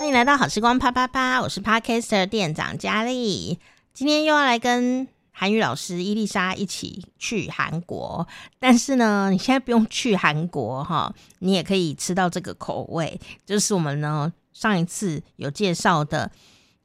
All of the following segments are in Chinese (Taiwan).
歡迎來到好時光啪啪啪，我是 Podcaster 店長佳麗，今天又要來跟韓語老師伊麗莎一起去韓國，但是呢，你現在不用去韓國哈、哦，你也可以吃到這個口味，就是我們呢上一次有介紹的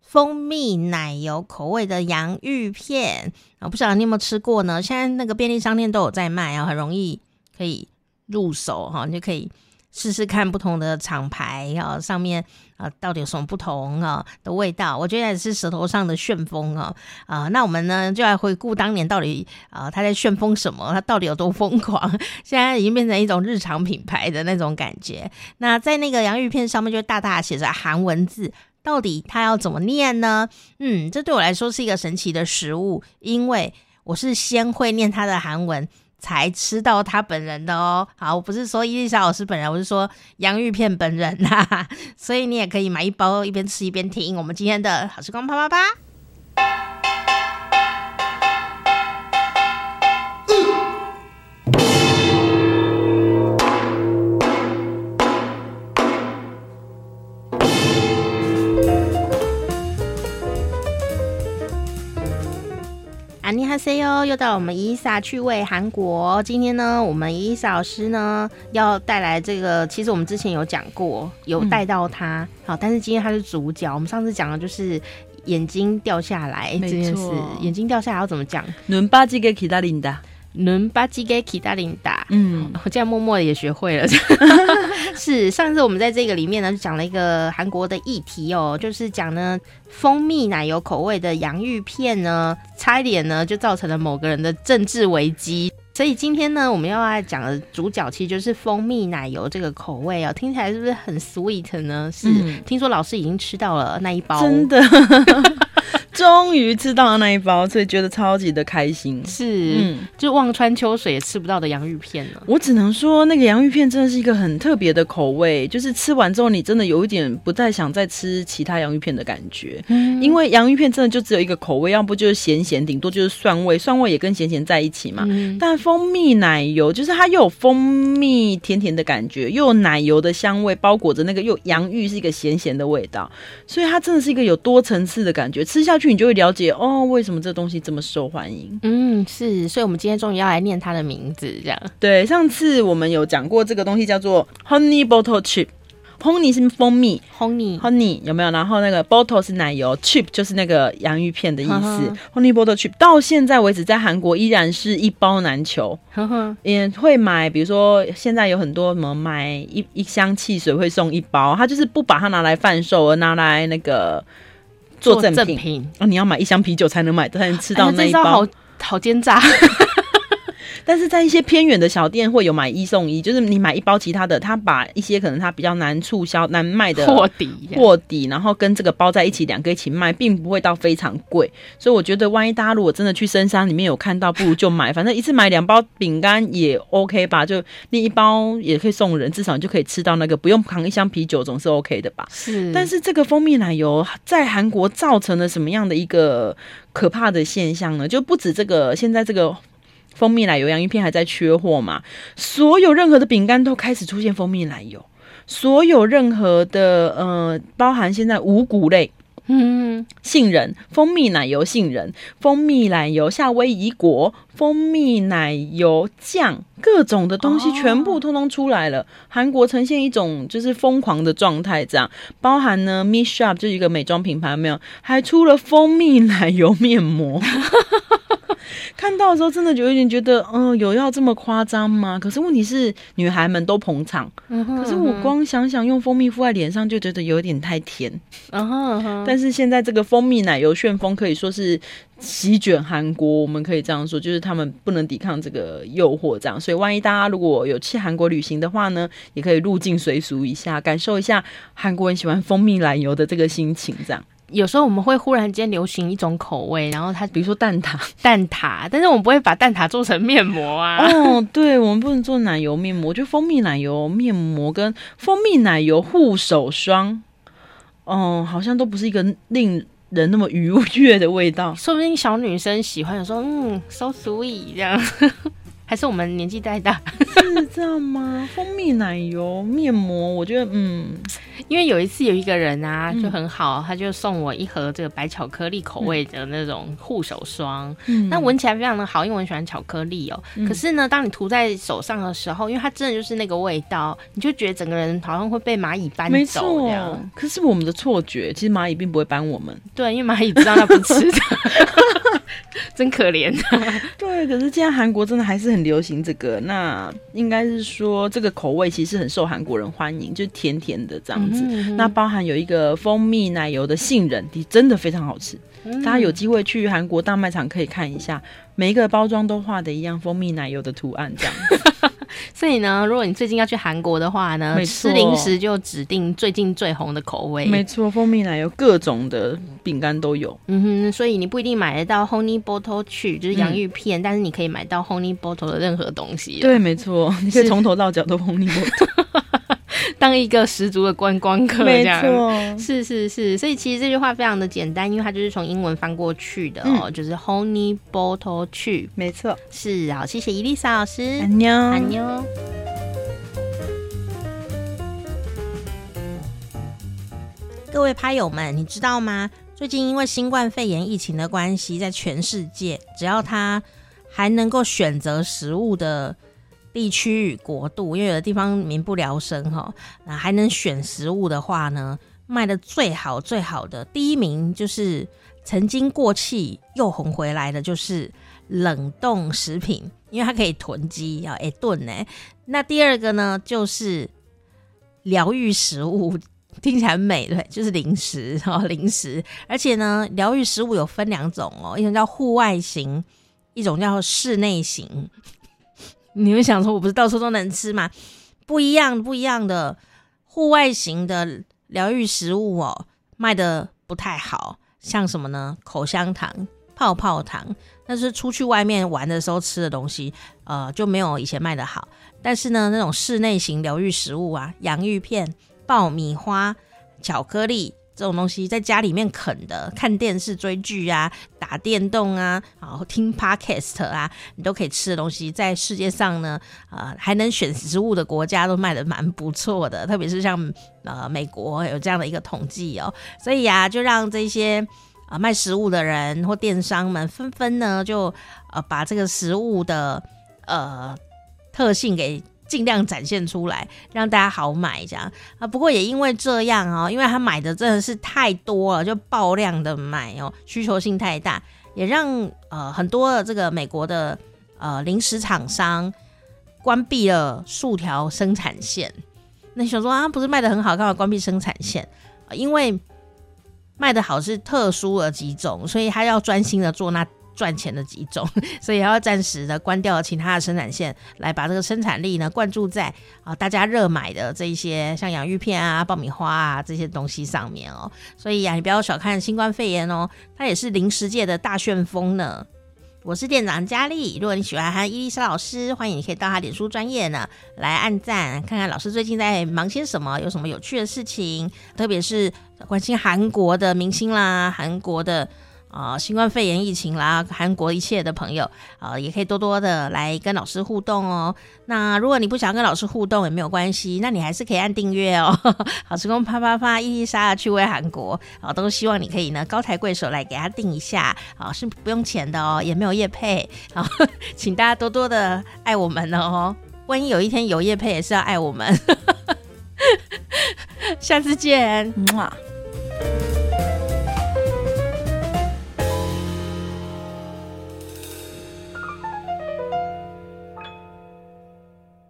蜂蜜奶油口味的洋芋片，我、哦、不曉得你有沒有吃過呢？現在那個便利商店都有在賣啊、哦，很容易可以入手哈、哦，你就可以。試試看不同的廠牌啊，上面啊到底有什麼不同啊的味道？我覺得也是舌頭上的旋風啊啊！那我們呢就要回顧當年到底啊，他在旋風什麼？他到底有多瘋狂？現在已經變成一種日常品牌的那種感覺。那在那個洋芋片上面就大大寫着韓文字，到底它要怎麼念呢？嗯，這對我來說是一個神奇的食物，因為我是先會念它的韓文。才吃到他本人的哦。好，我不是說伊麗莎老師本人，我是說洋芋片本人吶、啊，所以你也可以買一包，一邊吃一邊聽我們今天的好時光啪啪啪。又到我們伊麗莎趣味韓國，今天呢，我們伊麗莎老師呢要帶來這個，其實我們之前有講過，有帶到他，嗯、好，但是今天他是主角。我們上次講的就是眼睛掉下來這件錯眼睛掉下來要怎麼講？錯輪巴基給 K 大琳打。嗯，我這樣默默也學會了。 是上次我們在這個裡面呢，就講了一個韓國的議題哦、喔，就是講呢蜂蜜奶油口味的洋芋片呢，差一點呢就造成了某個人的政治危機。所以今天呢，我們要來講的主角其實就是蜂蜜奶油這個口味哦、喔，聽起來是不是很 sweet 呢？是，嗯、聽說老師已經吃到了那一包，真的。 終於吃到了那一包，所以覺得超級的開心。是，嗯、就望穿秋水也吃不到的洋芋片了。我只能說，那個洋芋片真的是一個很特別的口味，就是吃完之後你真的有一點不再想再吃其他洋芋片的感覺。嗯、因為洋芋片真的就只有一個口味，要不就是鹹鹹，頂多就是蒜味，蒜味也跟鹹鹹在一起嘛。嗯、但蜂蜜奶油就是它又有蜂蜜甜甜的感覺，又有奶油的香味包裹着那個，又洋芋是一個鹹鹹的味道，所以它真的是一個有多層次的感覺，吃下去。你就會了解哦，為什麼這東西這麼受歡迎？嗯，是，所以我們今天終於要來念它的名字，這樣。對，上次我們有講過這個東西叫做 chip, honey bottle chip，honey 是蜂蜜，honey honey 有沒有？然後那個 bottle 是奶油，chip 就是那個洋芋片的意思。呵呵 honey bottle chip 到現在為止在韓國依然是一包難求，呵呵也會買。比如說現在有很多什麼買一一箱汽水會送一包，他就是不把它拿來販售，而拿來那個。做贈品，做贈品、啊、你要買一箱啤酒才能買，才能吃到那一包，、哎、這一招好好奸詐。 但是在一些偏遠的小店會有買一送一，就是你買一包其他的，他把一些可能他比較難促銷難賣的貨底貨底，耶然後跟這個包在一起兩個一起賣，並不會到非常貴。所以我覺得，萬一大家如果真的去深山裡面有看到，不如就買，反正一次買兩包餅乾也 OK 吧，就那一包也可以送人，至少你就可以吃到那個，不用扛一箱啤酒，總是 OK 的吧。是。但是這個蜂蜜奶油在韓國造成了什麼樣的一個可怕的現象呢？就不止這個，現在這個。蜂蜜奶油洋芋片還在缺貨嘛？所有任何的餅乾都開始出現蜂蜜奶油，所有任何的呃，包含現在五穀類，嗯，杏仁、蜂蜜奶油、杏仁、蜂蜜奶油、夏威夷果、蜂蜜奶油醬，各種的東西全部通通出來了。哦、韓國呈現一種就是瘋狂的狀態，這樣包含呢，Miss Shop 就是一個美妝品牌，沒有還出了蜂蜜奶油面膜。 看到的時候，真的就有點覺得，嗯，有要這麼誇張嗎？可是問題是，女孩們都捧場。Uh huh, uh huh. 可是我光想想用蜂蜜敷在臉上，就覺得有點太甜啊。Uh huh, uh huh. 但是現在這個蜂蜜奶油旋風可以說是席捲韓國，我們可以這樣說，就是他們不能抵抗這個誘惑，這樣。所以萬一大家如果有去韓國旅行的話呢，也可以入境隨俗一下，感受一下韓國人喜歡蜂蜜奶油的這個心情，這樣。有時候我們會忽然間流行一種口味，然後它比如說蛋撻，蛋撻，但是我們不會把蛋撻做成面膜啊。哦，對，我們不能做奶油面膜，就蜂蜜奶油面膜跟蜂蜜奶油護手霜，嗯，好像都不是一個令人那麼愉悅的味道。說不定小女生喜歡，說嗯，so sweet 這樣。還是我們年紀再大， 是這樣嗎？蜂蜜奶油面膜，我覺得嗯，因為有一次有一個人啊，就很好，嗯、他就送我一盒這個白巧克力口味的那種護手霜，嗯，那聞起來非常的好，因為我很喜歡巧克力哦、喔。嗯、可是呢，當你塗在手上的時候，因為它真的就是那個味道，你就覺得整個人好像會被螞蟻搬走這樣，可是我們的錯覺，其實螞蟻並不會搬我們。對，因為螞蟻知道它不吃的。 真可憐， 對。可是現在韓國真的還是很流行這個，那應該是說這個口味其實很受韓國人歡迎，就甜甜的這樣子。嗯哼嗯哼。那包含有一個蜂蜜奶油的杏仁，真的非常好吃。大家有機會去韓國大賣場可以看一下，每一個包裝都畫的一樣蜂蜜奶油的圖案這樣子。 所以呢，如果你最近要去韓國的話呢，錯吃零食就指定最近最紅的口味。沒錯，蜂蜜奶油，各種的餅乾都有。嗯哼，所以你不一定買得到 Honey Butter Chip，就是洋芋片，嗯、但是你可以買到 Honey Butter 的任何東西。對，沒錯，你可以從頭到腳都 Honey Butter。是 當一個十足的觀光客，這樣沒錯。是是是，所以其實這句話非常的簡單，因為它就是從英文翻過去的哦，嗯，就是 honey butter chip 沒錯，是啊，謝謝伊麗莎老師，安妞，安妞。各位拍友們，你知道嗎？最近因為新冠肺炎疫情的關係，在全世界，只要他還能夠選擇食物的。地區與國度，因為有的地方民不聊生哈、喔，那還能選食物的話呢，賣得最好最好的第一名就是曾經過氣又紅回來的，就是冷凍食品，因為它可以囤積啊，哎燉呢。那第二個呢，就是療癒食物，聽起來很美對，就是零食哦、喔，零食。而且呢，療癒食物有分兩種哦、喔，一種叫戶外型，一種叫室內型。你們想說，我不是到處都能吃嗎？不一樣，不一樣的戶外型的療癒食物哦，賣的不太好，像什麼呢？口香糖、泡泡糖，但是出去外面玩的時候吃的東西，呃，就沒有以前賣的好。但是呢，那種室內型療癒食物啊，洋芋片、爆米花、巧克力。這種東西在家裡面啃的、看電視追劇啊、打電動啊、然後聽 Podcast 啊，你都可以吃的東西，在世界上呢，呃，還能選食物的國家都賣得蠻不錯的，特別是像呃美國有這樣的一個統計哦、喔，所以啊，就讓這些啊、呃、賣食物的人或電商們紛紛呢，就呃把這個食物的呃特性給。儘量展現出來，讓大家好買，這樣啊。不過也因為這樣哦、喔，因為他買的真的是太多了，就爆量的買哦、喔，需求性太大，也讓呃很多的這個美國的呃零食廠商關閉了數條生產線。那想說啊，不是賣的很好，幹嘛關閉生產線？呃、因為賣的好是特殊的幾種，所以他要專心的做那。賺錢的幾種，所以要暫時的關掉其他的生產線，來把這個生產力呢灌注在啊大家熱買的這一些像洋芋片啊、爆米花啊這些東西上面哦。所以呀、啊，你不要小看新冠肺炎哦，它也是零食界的大旋風呢。我是店長佳麗，如果你喜歡韓伊麗莎老師，歡迎你可以到她臉書專頁呢來按讚，看看老師最近在忙些什麼，有什麼有趣的事情，特別是關心韓國的明星啦、韓國的。啊，新冠肺炎疫情啦，韓國一切的朋友啊，也可以多多的來跟老師互動哦。那如果你不想要跟老師互動也沒有關係，那你還是可以按訂閱哦。 好，成功啪啪啪，伊麗莎趣味韓國啊，都希望你可以呢高抬貴手來給他訂一下啊，是不用錢的哦，也沒有業配。好、啊，請大家多多的愛我們哦。萬一有一天有業配也是要愛我們。 下次見，木